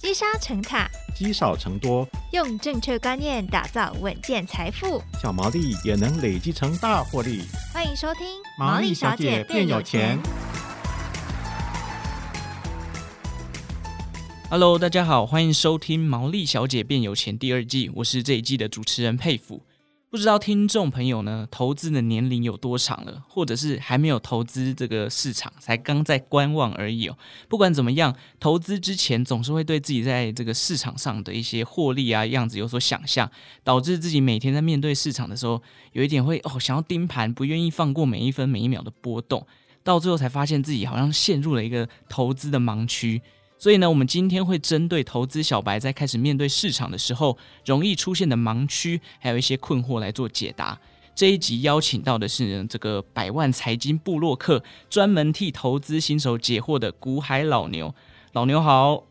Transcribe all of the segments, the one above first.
積沙成塔，積少成多，用正確觀念打造穩健財富。小毛利也能累積成大獲利。歡迎收聽《毛利小姐變有錢》有錢。Hello，大家好，歡迎收聽《毛利小姐變有錢》第二季，我是這一季的主持人沛甫。不知道聽眾朋友呢，投資的年齡有多長了，或者是還沒有投資這個市場，才剛在觀望而已哦。不管怎麼樣，投資之前總是會對自己在這個市場上的一些獲利啊樣子有所想象，導致自己每天在面對市場的時候，有一點會哦想要盯盤，不願意放過每一分每一秒的波動，到最後才發現自己好像陷入了一個投資的盲區。所以呢，我們今天會針對投資小白在開始面對市場的時候，容易出現的盲區，還有一些困惑來做解答。這一集邀請到的是呢這個百萬財經部落客，專門替投資新手解惑的股海老牛。老牛好，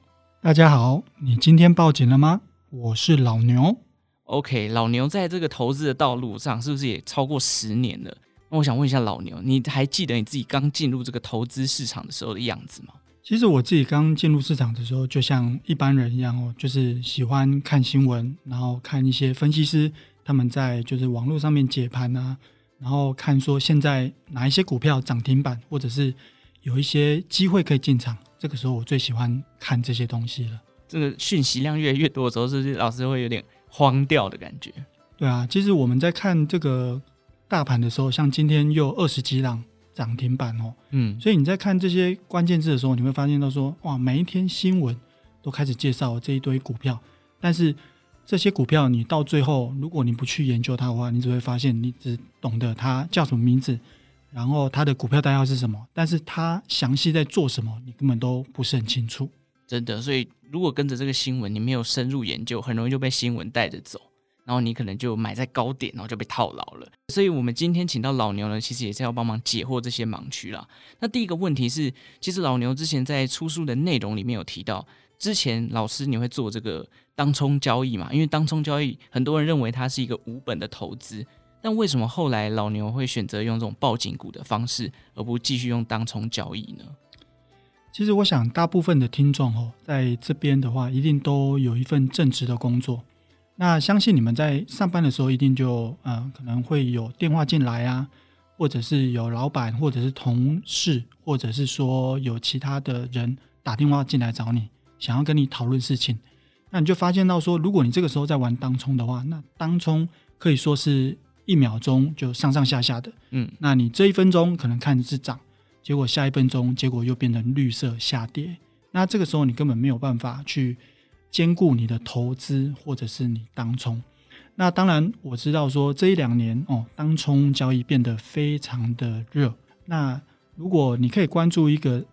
大家好，你今天抱緊了嗎？我是老牛。OK，老牛在這個投資的道路上是不是也超過十年了？那我想問一下老牛，你還記得你自己剛進入這個投資市場的時候的樣子嗎？其實我自己剛進入市場的時候，就像一般人一樣哦，就是喜歡看新聞，然後看一些分析師他們在就是網絡上面解盤啊，然後看說現在哪一些股票漲停板，或者是有一些機會可以進場。這個時候我最喜歡看這些東西了。這個訊息量越來越多的時候，是不是老是會有點慌掉的感覺？對啊，其實我們在看這個大盤的時候，像今天又二十幾浪。漲停板哦，嗯，所以你在看這些關鍵字的時候，你會發現到說，哇，每一天新聞都開始介紹這一堆股票，但是這些股票你到最後，如果你不去研究它的話，你只會發現你只懂得它叫什麼名字，然後它的股票代號是什麼，但是它詳細在做什麼，你根本都不是很清楚，真的。所以如果跟着這個新聞，你沒有深入研究，很容易就被新聞帶着走。然後你可能就買在高點，然後就被套牢了。所以，我們今天請到老牛呢，其實也是要幫忙解惑這些盲區了。那第一個問題是，其實老牛之前在出書的內容裡面有提到，之前老師你會做這個當沖交易嘛？因為當沖交易很多人認為它是一個無本的投資，但為什麼後來老牛會選擇用這種抱緊股的方式，而不繼續用當沖交易呢？其實我想，大部分的聽眾哦，在這邊的話，一定都有一份正職的工作。那相信你們在上班的時候，一定就嗯、呃，可能會有電話進來啊，或者是有老闆，或者是同事，或者是說有其他的人打電話進來找你，想要跟你討論事情。那你就發現到說，如果你這個時候在玩當沖的話，那當沖可以說是一秒鐘就上上下下的，嗯，那你這一分鐘可能看是漲，結果下一分鐘結果又變成綠色下跌，那這個時候你根本沒有辦法去兼顧你的投資或者是你當沖，那當然我知道說這一兩年喔，當沖交易變得非常的熱。那如果你可以關注一個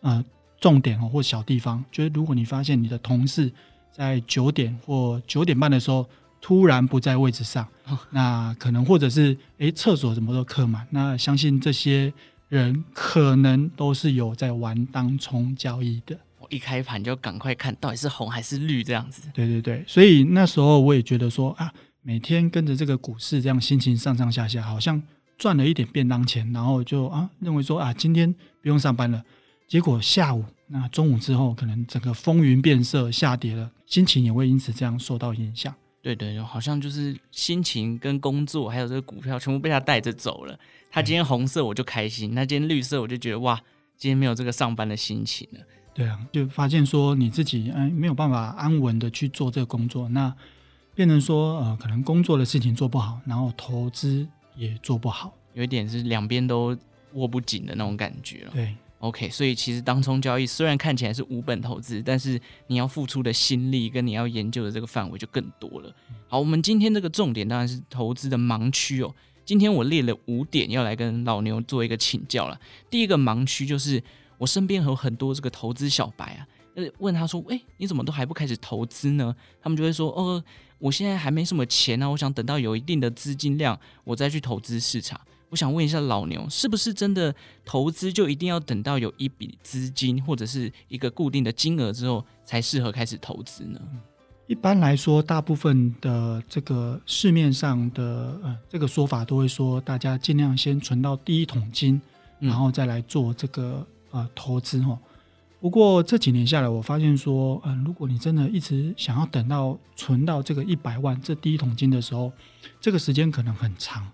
呃重點哦或小地方，就是如果你發現你的同事在九點或九點半的時候突然不在位置上，那可能或者是欸廁所什麼都客滿，那相信這些人可能都是有在玩當沖交易的。一開盤就趕快看，到底是紅還是綠這樣子？對對對，所以那時候我也覺得說啊，每天跟着這個股市，這樣心情上上下下，好像賺了一點便當錢，然後就啊，認為說啊，今天不用上班了。結果下午那中午之後，可能整個風雲變色，下跌了，心情也會因此這樣受到影響。對對對，好像就是心情跟工作還有這個股票，全部被他帶着走了。他今天紅色我就開心，那今天綠色我就覺得哇，今天沒有這個上班的心情了。對啊，就發現說你自己哎、呃、沒有辦法安穩地去做這個工作，那變成說呃，可能工作的事情做不好，然後投資也做不好，有一點是兩邊都握不緊的那種感覺了。對，OK，所以其實當沖交易雖然看起來是無本投資，但是你要付出的心力跟你要研究的這個範圍就更多了。好，我們今天這個重點當然是投資的盲區哦。今天我列了五點要來跟老牛做一個請教了。第一個盲區就是。我身邊有很多這個投資小白啊，問他說：“哎、欸，你怎麼都還不開始投資呢？”他們就會說：“哦，我現在還沒什麼錢啊，我想等到有一定的資金量，我再去投資市場。”我想問一下老牛，是不是真的投資就一定要等到有一筆資金或者是一個固定的金額之後才適合開始投資呢？一般來說，大部分的這個市面上的呃，這個說法都會說，大家盡量先存到第一桶金，嗯、然後再來做這個。呃，投資哦，不過這幾年下來，我發現說，嗯、呃，如果你真的一直想要等到存到這個一百萬這第一桶金的時候，這個時間可能很長。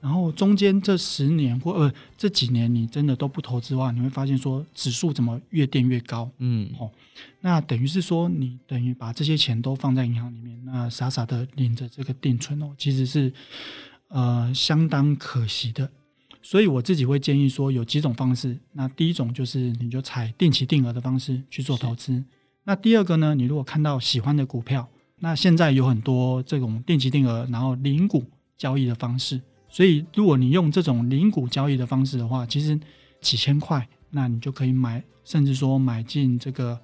然後中間這十年或呃這幾年你真的都不投資的話，你會發現說，指數怎麼越墊越高，嗯，哦，那等於是說，你等於把這些錢都放在銀行裡面，那傻傻的領着這個定存哦，其實是呃相當可惜的。所以我自己會建議說，有幾種方式。那第一種就是，你就採定期定額的方式去做投資。那第二個呢，你如果看到喜歡的股票，那現在有很多這種定期定額，然後零股交易的方式。所以，如果你用這種零股交易的方式的話，其實幾千塊，那你就可以買，甚至說買進這個。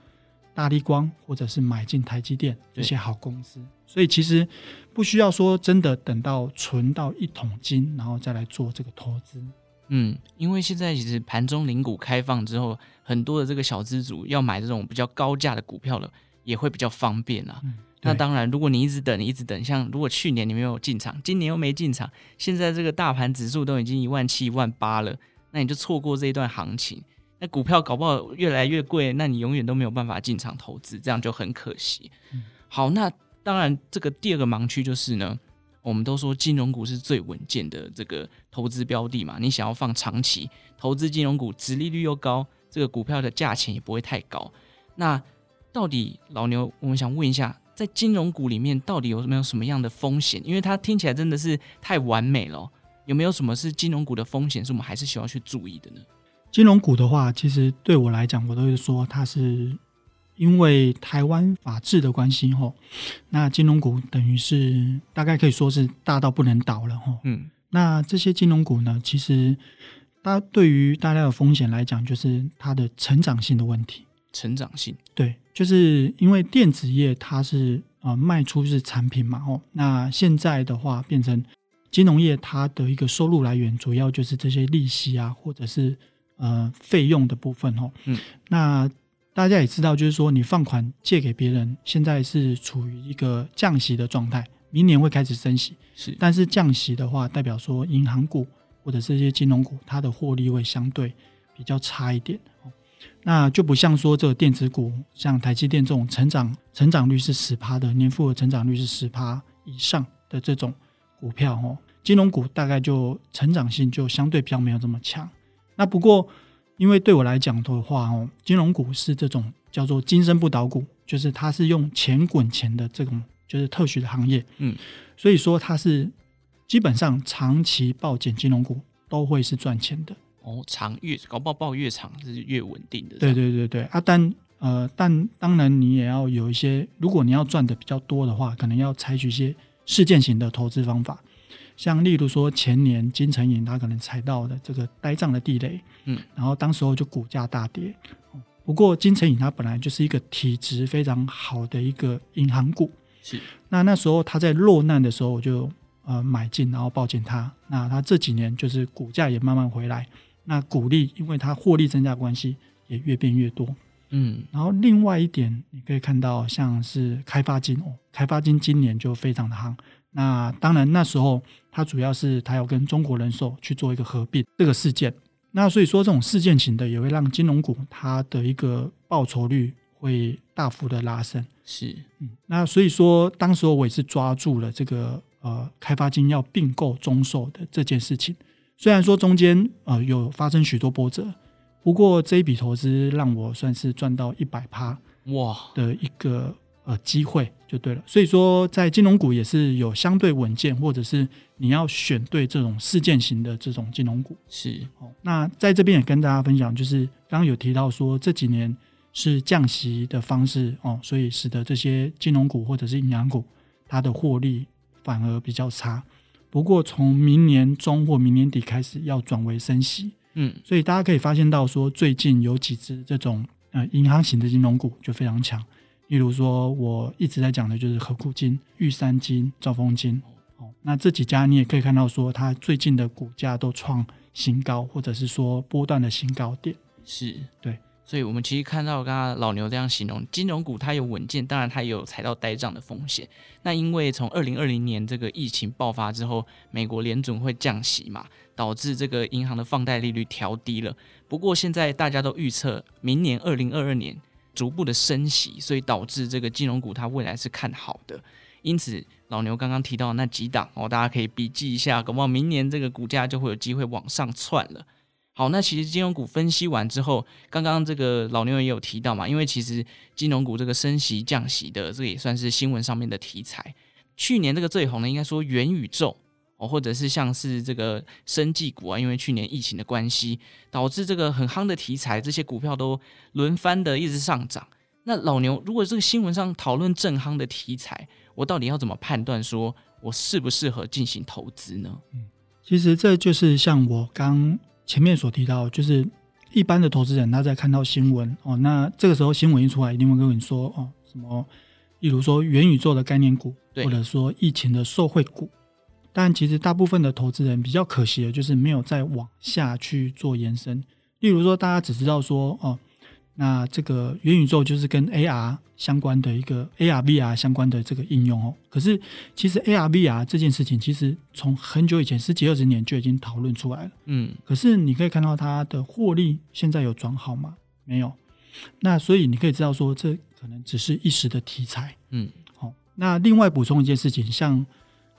大立光，或者是買進台積電這些好公司，所以其實不需要說真的等到存到一桶金，然後再來做這個投資。嗯，因為現在其實盤中零股開放之後，很多的這個小資族要買這種比較高價的股票了，也會比較方便啊、嗯。那當然，如果你一直等，一直等，像如果去年你沒有進場，今年又沒進場，現在這個大盤指數都已經一萬七、一萬八了，那你就錯過這一段行情。那股票搞不好越來越貴，那你永遠都沒有辦法進場投資，這樣就很可惜。嗯、好，那當然，這個第二個盲區就是呢，我們都說金融股是最穩健的這個投資標的嘛，你想要放長期投資金融股，殖利率又高，這個股票的價錢也不會太高。那到底老牛，我們想問一下，在金融股裡面到底有沒有什麼樣的風險？因為它聽起來真的是太完美了，有沒有什麼是金融股的風險是我們還是需要去注意的呢？金融股的話，其實對我來講，我都是說它是因為台灣法治的關係吼。那金融股等於是大概可以說是大到不能倒了吼。嗯。那這些金融股呢，其實它對於大家的風險來講，就是它的成長性的問題。成長性，對，就是因為電子業它是呃賣出是產品嘛吼。那現在的話，變成金融業它的一個收入來源，主要就是這些利息啊，或者是呃，費用的部分哦，嗯，那大家也知道，就是說你放款借給別人，現在是處於一個降息的狀態，明年會開始升息，是。但是降息的話，代表說銀行股或者這些金融股，它的獲利會相對比較差一點。那就不像說這個電子股，像台積電這種成長，成長率是十趴的，年複合成長率是十趴以上的這種股票哦，金融股大概就成長性就相對比較沒有這麼強。那不過，因為對我來講的話哦，金融股是這種叫做“金身不倒股”，就是它是用錢滾錢的這種，就是特許的行業。嗯，所以說它是基本上長期抱緊金融股都會是賺錢的。哦，長越高抱，抱越長是越穩定的。對對對對，啊，但呃，但當然你也要有一些，如果你要賺的比較多的話，可能要採取一些事件型的投資方法。像例如說前年金城銀，他可能踩到的這個呆賬的地雷，嗯，然後當時候就股價大跌。不過金城銀它本來就是一個體質非常好的一個銀行股，是。那那時候他在落難的時候，我就，呃，買進，然後抱緊他。那他這幾年就是股價也慢慢回來，那股利因為它獲利增加關係也越變越多，嗯。然後另外一點你可以看到，像是開發金哦，開發金今年就非常的夯。那當然，那時候它主要是它要跟中國人壽去做一個合併這個事件。那所以說，這種事件型的也會讓金融股它的一個報酬率會大幅的拉升、嗯。是，嗯，那所以說，當時候我也是抓住了這個呃，開發金要併購中壽的這件事情。雖然說中間呃有發生許多波折，不過這一筆投資讓我算是賺到一百趴哇的一個。呃，機會就對了。所以說，在金融股也是有相對穩健，或者是你要選對這種事件型的這種金融股是哦。那在這邊也跟大家分享，就是剛剛有提到說，這幾年是降息的方式哦，所以使得這些金融股或者是銀行股，它的獲利反而比較差。不過從明年中或明年底開始要轉為升息，嗯，所以大家可以發現到說，最近有幾隻這種呃銀行型的金融股就非常強。例如說，我一直在講的就是合庫金、玉山金、兆豐金，那這幾家你也可以看到，說它最近的股價都創新高，或者是說波段的新高點。是，對，所以我們其實看到，剛剛老牛這樣形容，金融股它有穩健，當然它也有踩到呆賬的風險。那因為從二零二零年這個疫情爆發之後，美國聯準會降息嘛，導致這個銀行的放貸利率調低了。不過現在大家都預測，明年二零二二年。逐步的升息，所以導致這個金融股它未來是看好的，因此老牛剛剛提到那幾檔哦，大家可以筆記一下，搞不好明年這個股價就會有機會往上竄了。好，那其實金融股分析完之後，剛剛這個老牛也有提到嘛，因為其實金融股這個升息降息的，這個也算是新聞上面的題材。去年這個最紅的應該說元宇宙。或者是像是這個生技股啊，因為去年疫情的關係，導致這個很夯的題材，這些股票都輪番的一直上漲。那老牛，如果這個新聞上討論正夯的題材，我到底要怎麼判斷，說我適不適合進行投資呢？嗯，其實這就是像我剛前面所提到，就是一般的投資人他在看到新聞哦，那這個時候新聞一出來，一定會跟你說哦，什麼，例如說元宇宙的概念股，對，或者說疫情的受惠股。但其實大部分的投資人比較可惜的，就是沒有再往下去做延伸。例如說，大家只知道說，哦，那這個元宇宙就是跟 AR 相關的一個 ARVR 相關的這個應用哦。可是其實 ARVR 這件事情，其實從很久以前十幾二十年就已經討論出來了。嗯。可是你可以看到它的獲利現在有轉好嗎？沒有。那所以你可以知道說，這可能只是一時的題材。嗯、哦。好，那另外補充一件事情，像。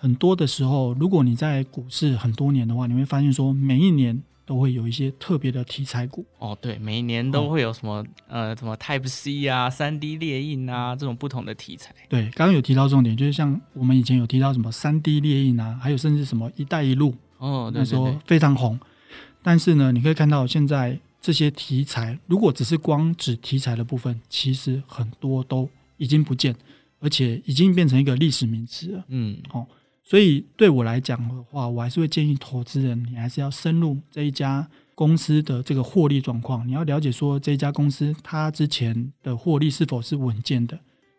很多的時候，如果你在股市很多年的話，你會發現說每一年都會有一些特別的題材股哦。對，每一年都會有什麼、嗯、呃什麼 Type C 啊、三 D 列印啊、這種不同的題材。對，剛剛有提到重點，就是像我們以前有提到什麼三 D 列印啊，還有甚至什麼“一帶一路”哦，對對對對，那時候非常紅。但是呢，你可以看到現在這些題材，如果只是光指題材的部分，其實很多都已經不見，而且已經變成一個歷史名詞了。嗯，哦。所以對我來講的話，我還是會建議投資人，你還是要深入這一家公司的這個獲利狀況。你要了解說這一家公司它之前的獲利是否是穩健的。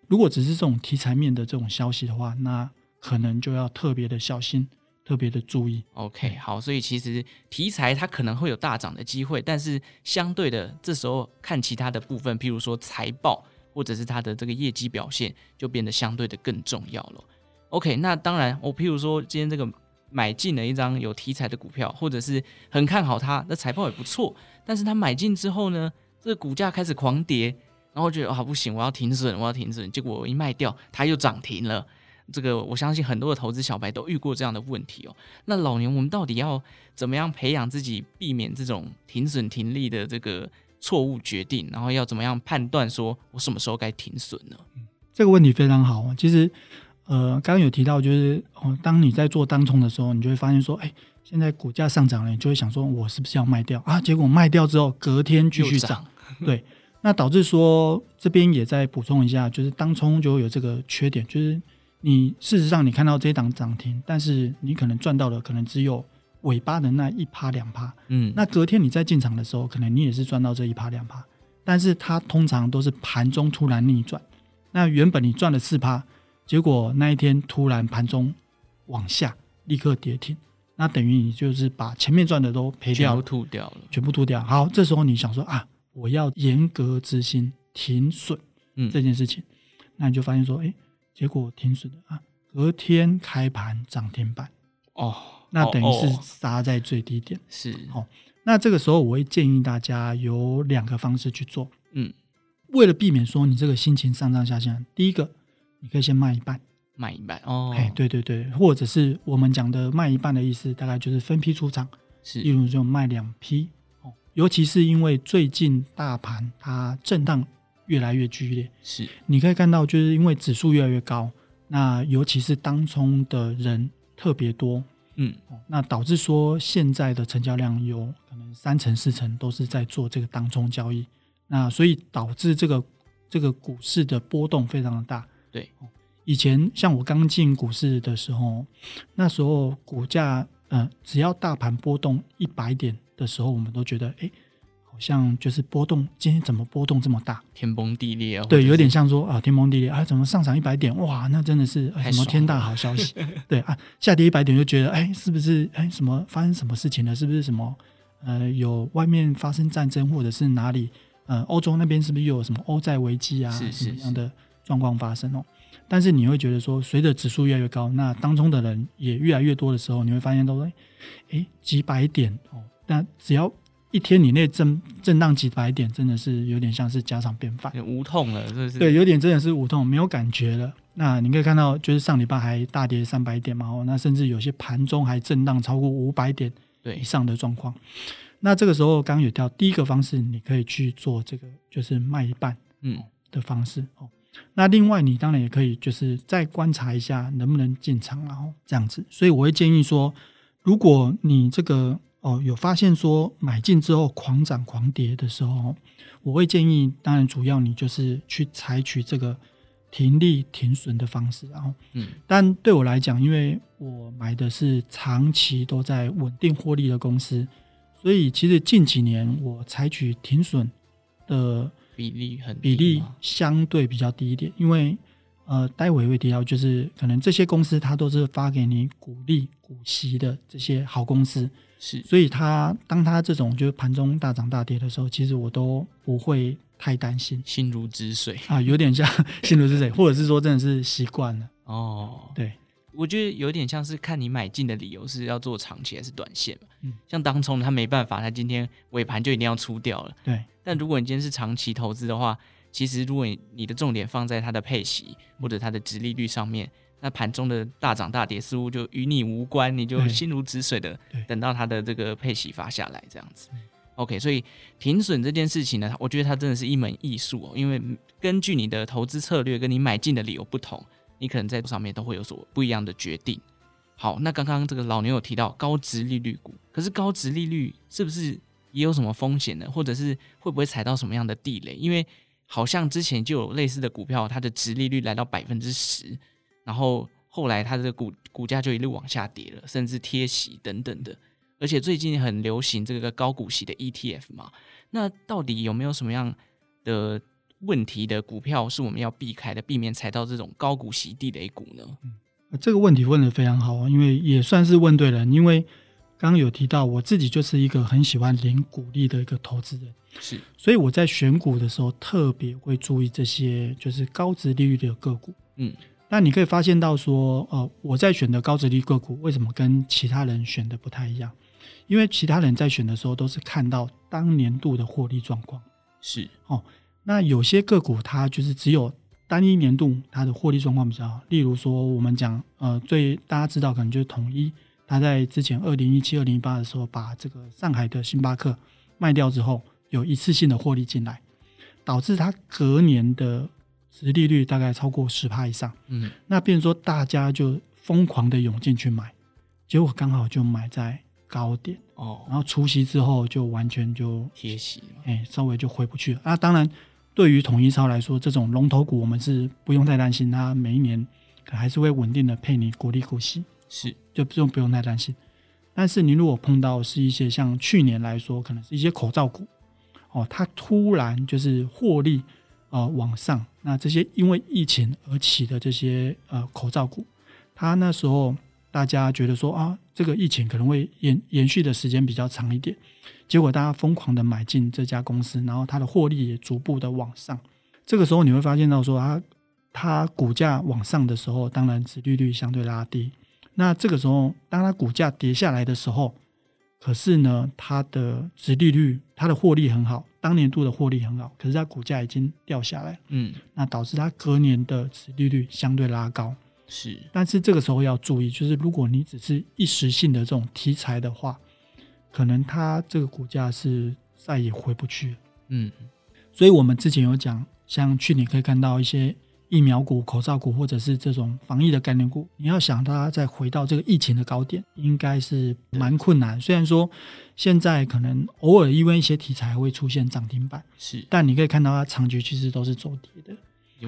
如果只是這種題材面的這種消息的話，那可能就要特別的小心，特別的注意。OK，好，所以其實題材它可能會有大漲的機會，但是相對的，這時候看其他的部分，譬如說財報或者是它的這個業績表現，就變得相對的更重要了。OK，那當然，我、哦、譬如說今天這個買進了一張有題材的股票，或者是很看好它，那財報也不錯，但是它買進之後呢，這個股價開始狂跌，然後覺得啊、哦、不行，我要停損，我要停損，結果我一賣掉，它又漲停了。這個我相信很多的投資小白都遇過這樣的問題哦。那老牛，我們到底要怎麼樣培養自己避免這種停損停利的這個錯誤決定？然後要怎麼樣判斷說我什麼時候該停損呢、嗯？這個問題非常好啊，其實。呃，剛剛有提到，就是哦，當你在做當沖的時候，你就會發現說，哎、欸，現在股價上漲了，你就會想說，我是不是要賣掉啊？結果賣掉之後，隔天繼續漲，對。那導致說，這邊也再補充一下，就是當沖就會有這個缺點，就是你事實上你看到這一檔漲停，但是你可能賺到的可能只有尾巴的那一趴兩趴，嗯。那隔天你在進場的時候，可能你也是賺到這一趴兩趴，但是它通常都是盤中突然逆轉，那原本你賺了四趴。結果那一天突然盤中往下，立刻跌停，那等於你就是把前面賺的都賠掉了，全部吐掉了，全部吐掉。嗯、好，這時候你想說啊，我要嚴格執行停損、嗯、這件事情，那你就發現說，哎、欸，結果停損了啊，隔天開盤漲停板哦，那等於是殺在最低點、哦哦。是，哦，那這個時候我會建議大家有兩個方式去做，嗯，為了避免說你這個心情上上下下，下，第一個。你可以先賣一半，賣一半哦、欸。對對對，或者是我們講的賣一半的意思，大概就是分批出場，是，例如就賣兩批。哦，尤其是因為最近大盤它震盪越來越劇烈，是你可以看到，就是因為指數越來越高，那尤其是當沖的人特別多，嗯、哦，那導致說現在的成交量有可能三成四成都是在做這個當沖交易，那所以導致這個這個股市的波動非常的大。對，以前像我剛進股市的時候，那時候股價，嗯、呃，只要大盤波動一百點的時候，我們都覺得，哎，好像就是波動，今天怎麼波動這麼大，天崩地裂哦、啊，對，有點像說啊、呃，天崩地裂啊，怎麼上漲一百點，哇，那真的是、呃、什麼天大好消息？ 對啊，下跌一百點就覺得，哎，是不是誒，什麼發生什麼事情了？是不是什麼，呃，有外面發生戰爭，或者是哪裡，嗯、呃，歐洲那邊是不是又有什麼歐債危機啊，是是是這樣的。狀況發生哦、喔，但是你會覺得說，隨着指數越來越高，那當中的人也越來越多的時候，你會發現都誒、欸、幾百點哦、喔，那只要一天以內震震盪幾百點，真的是有點像是家常便飯，有無痛了，這是對，有點真的是無痛，沒有感覺了。那你可以看到，就是上禮拜還大跌三百點嘛哦、喔，那甚至有些盤中還震盪超過五百點對以上的狀況。那這個時候剛剛有跳，第一個方式你可以去做這個，就是賣一半嗯的方式哦、喔。嗯嗯那另外，你當然也可以，就是再觀察一下能不能進場，然後這樣子。所以我會建議說，如果你這個哦有發現說買進之後狂漲狂跌的時候，我會建議，當然主要你就是去採取這個停利停損的方式，然後嗯。但對我來講，因為我買的是長期都在穩定獲利的公司，所以其實近幾年我採取停損的。比例很比例相對比較低一點，因為呃，待會兒會提到，就是可能這些公司他都是發給你股利股息的這些好公司，是，是所以他當他這種就是盤中大漲大跌的時候，其實我都不會太擔心，心如止水啊，有點像心如止水， 或者是說真的是習慣了哦，對。我覺得有點像是看你買進的理由是要做長期還是短線，嗯、像當沖他沒辦法，他今天尾盤就一定要出掉了。對。但如果你今天是長期投資的話，其實如果你，你的重點放在它的配息或者它的殖利率上面，嗯，那盤中的大漲大跌似乎就與你無關，你就心如止水的等到它的這個配息發下來這樣子。OK，所以停損這件事情呢，我覺得它真的是一門藝術哦，因為根據你的投資策略跟你買進的理由不同。你可能在上面都會有所不一樣的決定。好，那剛剛這個老牛有提到高殖利率股，可是高殖利率是不是也有什麼風險呢？或者是會不會踩到什麼樣的地雷？因為好像之前就有類似的股票，它的殖利率來到百分之十，然後後來它的股股價就一路往下跌了，甚至貼息等等的。而且最近很流行這個高股息的 ETF 嘛，那到底有沒有什麼樣的？問題的股票是我們要避開的，避免踩到這種高股息地雷股呢？嗯、呃，這個問題問得非常好啊，因為也算是問對人，因為剛剛有提到，我自己就是一個很喜歡領股利的一個投資人，是，所以我在選股的時候特別會注意這些就是高殖利率的個股。嗯，那你可以發現到說，呃，我在選的高殖利率個股，為什麼跟其他人選的不太一樣？因為其他人在選的時候都是看到當年度的獲利狀況，是哦。那有些個股它就是只有單一年度它的獲利狀況比較好，例如說我們講呃最大家知道可能就是統一，他在之前二零一七二零一八的時候把這個上海的星巴克賣掉之後，有一次性的獲利進來，導致它隔年的殖利率大概超過十帕以上，嗯，那變成說大家就瘋狂的湧進去買，結果剛好就買在高點哦，然後除息之後就完全就貼息，哎，稍微就回不去了啊，當然。對於統一超來說，這種龍頭股我們是不用太擔心，它每一年可還是會穩定的配你股利股息，是就不用不用太擔心。但是你如果碰到是一些像去年來說，可能是一些口罩股，哦，它突然就是獲利啊，呃，往上，那這些因為疫情而起的這些呃口罩股，它那時候。大家覺得說啊，這個疫情可能會延延續的時間比較長一點，結果大家瘋狂的買進這家公司，然後它的獲利也逐步的往上。這個時候你會發現到說啊，它股價往上的時候，當然殖利率相對拉低。那這個時候，當它股價跌下來的時候，可是呢，它的殖利率、它的獲利很好，當年度的獲利很好，可是它股價已經掉下來，嗯，那導致它隔年的殖利率相對拉高。是，但是這個時候要注意，就是如果你只是一時性的這種題材的話，可能它這個股價是再也回不去了。嗯，所以我們之前有講，像去年可以看到一些疫苗股、口罩股或者是這種防疫的概念股，你要想它再回到這個疫情的高點，應該是蠻困難。雖然說現在可能偶爾因為一些題材會出現漲停板，是，但你可以看到它長期其實都是走低的。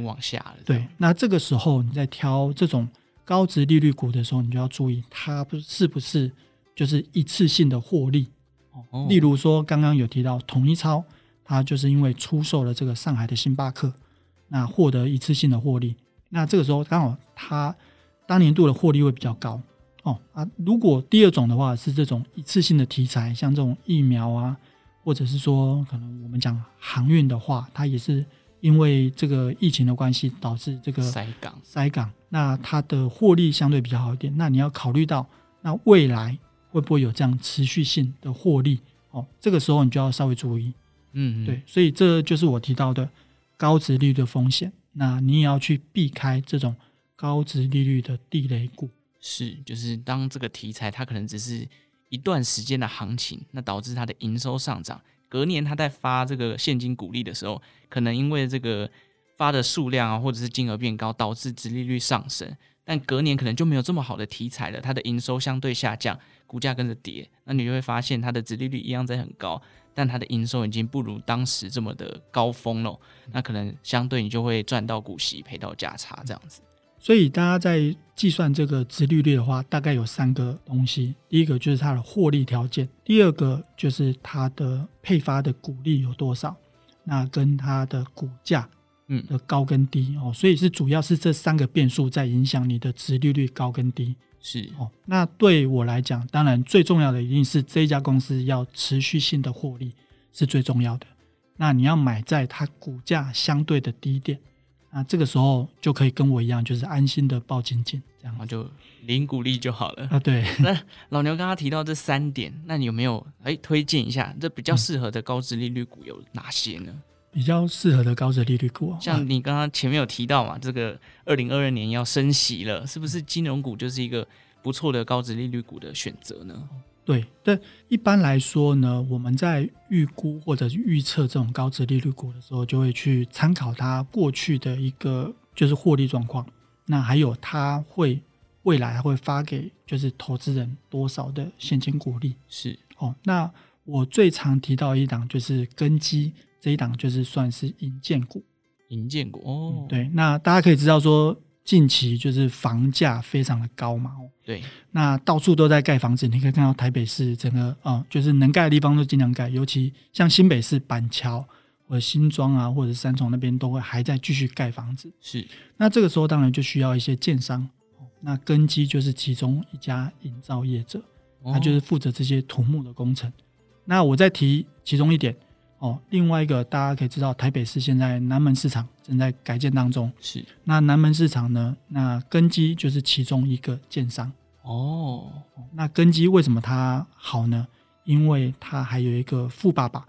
往下，對，那這個時候你在挑這種高殖利率股的時候，你就要注意，它不是不是就是一次性的獲利。哦，例如說剛剛有提到統一超，它就是因為出售了這個上海的星巴克，那獲得一次性的獲利。那這個時候剛好它當年度的獲利會比較高。哦啊，如果第二種的話是這種一次性的題材，像這種疫苗啊，或者是說可能我們講航運的話，它也是。因為這個疫情的關係，導致這個塞港塞港，那它的獲利相對比較好一點。那你要考慮到，那未來會不會有這樣持續性的獲利？哦，這個時候你就要稍微注意。嗯嗯，對，所以這就是我提到的高殖利率的風險。那你也要去避開這種高殖利率的地雷股。是，就是當這個題材它可能只是一段時間的行情，那導致它的營收上漲。隔年，他在發這個現金股利的時候，可能因為這個發的數量啊，或者是金額變高，導致殖利率上升。但隔年可能就沒有這麼好的題材了，它的營收相對下降，股價跟着跌。那你就會發現，它的殖利率一樣在很高，但它的營收已經不如當時這麼的高峰了。那可能相對你就會賺到股息，賠到價差這樣子。所以大家在計算這個殖利率的話，大概有三個東西。第一個就是它的獲利條件，第二個就是它的配發的股利有多少，那跟它的股價嗯的高跟低哦，所以是主要是這三個變數在影響你的殖利率高跟低。是哦，那對我來講，當然最重要的一定是這家公司要持續性的獲利是最重要的。那你要買在它股價相對的低點。那、啊、這個時候就可以跟我一樣，就是安心的抱緊緊，然後就領股利就好了啊。對，那老牛剛剛提到這三點，那你有沒有誒推薦一下這比較適合的高殖利率股有哪些呢？比較適合的高殖利率股、哦，像你剛剛前面有提到嘛，這個二零二二年要升息了，是不是金融股就是一個不錯的高殖利率股的選擇呢？對，但一般來說呢，我們在預估或者預測這種高殖利率股的時候，就會去參考它過去的一個就是獲利狀況，那還有它會未來會發給就是投資人多少的現金股利。是哦，那我最常提到的一檔就是根基這一檔，就是算是營建股。營建股哦、嗯，對，那大家可以知道說。近期就是房價非常的高嘛，對，那到處都在蓋房子，你可以看到台北市整個啊、嗯，就是能蓋的地方都盡量蓋，尤其像新北市板橋或者新莊啊，或者三重那邊都會還在繼續蓋房子。是，那這個時候當然就需要一些建商，那根基就是其中一家營造業者，哦、他就是負責這些土木的工程。那我再提其中一點。哦，另外一個大家可以知道，台北市現在南門市場正在改建當中。是，那南門市場呢，那根基就是其中一個建商。哦，那根基為什麼它好呢？因為它還有一個富爸爸。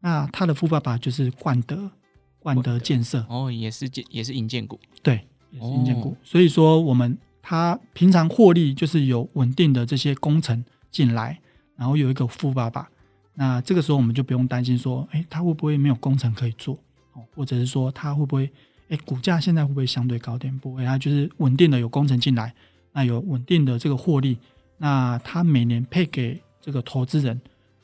那他的富爸爸就是冠德，冠德建設德。哦，也是建，也是營建股。對，營建股。所以說，我們他平常獲利就是有穩定的這些工程進來，然後有一個富爸爸。那這個時候我們就不用擔心說，哎、欸，他會不會沒有工程可以做哦，或者是說他會不會，哎、欸，股價現在會不會相對高點？不、欸、會，他就是穩定的有工程進來，那有穩定的這個獲利，那他每年配給這個投資人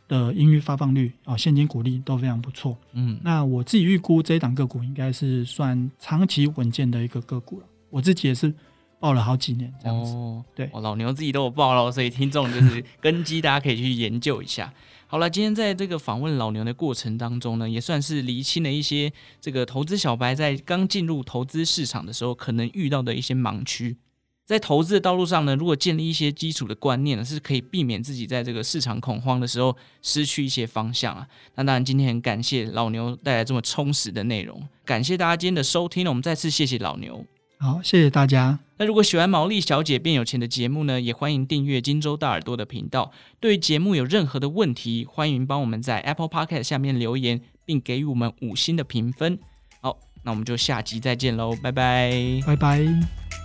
的盈餘发放率哦，現金股利都非常不錯。嗯，那我自己預估這一檔個股應該是算長期穩健的一個個股了。我自己也是抱了好幾年這樣子，哦、對，我、哦、老牛自己都有抱了，所以聽眾就是根基，大家可以去研究一下。 好了，今天在這個訪問老牛的過程當中呢，也算是釐清了一些這個投資小白在剛進入投資市場的時候可能遇到的一些盲區。在投資的道路上呢，如果建立一些基礎的觀念呢，是可以避免自己在這個市場恐慌的時候失去一些方向啊。那當然，今天很感謝老牛帶來這麼充實的內容，感謝大家今天的收聽，我們再次謝謝老牛，好，謝謝大家。那如果喜歡《毛利小姐變有錢》的節目呢，也歡迎訂閱荊州大耳朵的頻道。對於節目有任何的問題，歡迎幫我們在 Apple Podcast 下面留言，並給予我們五星的評分。好，那我們就下集再見嘍，拜拜，拜拜。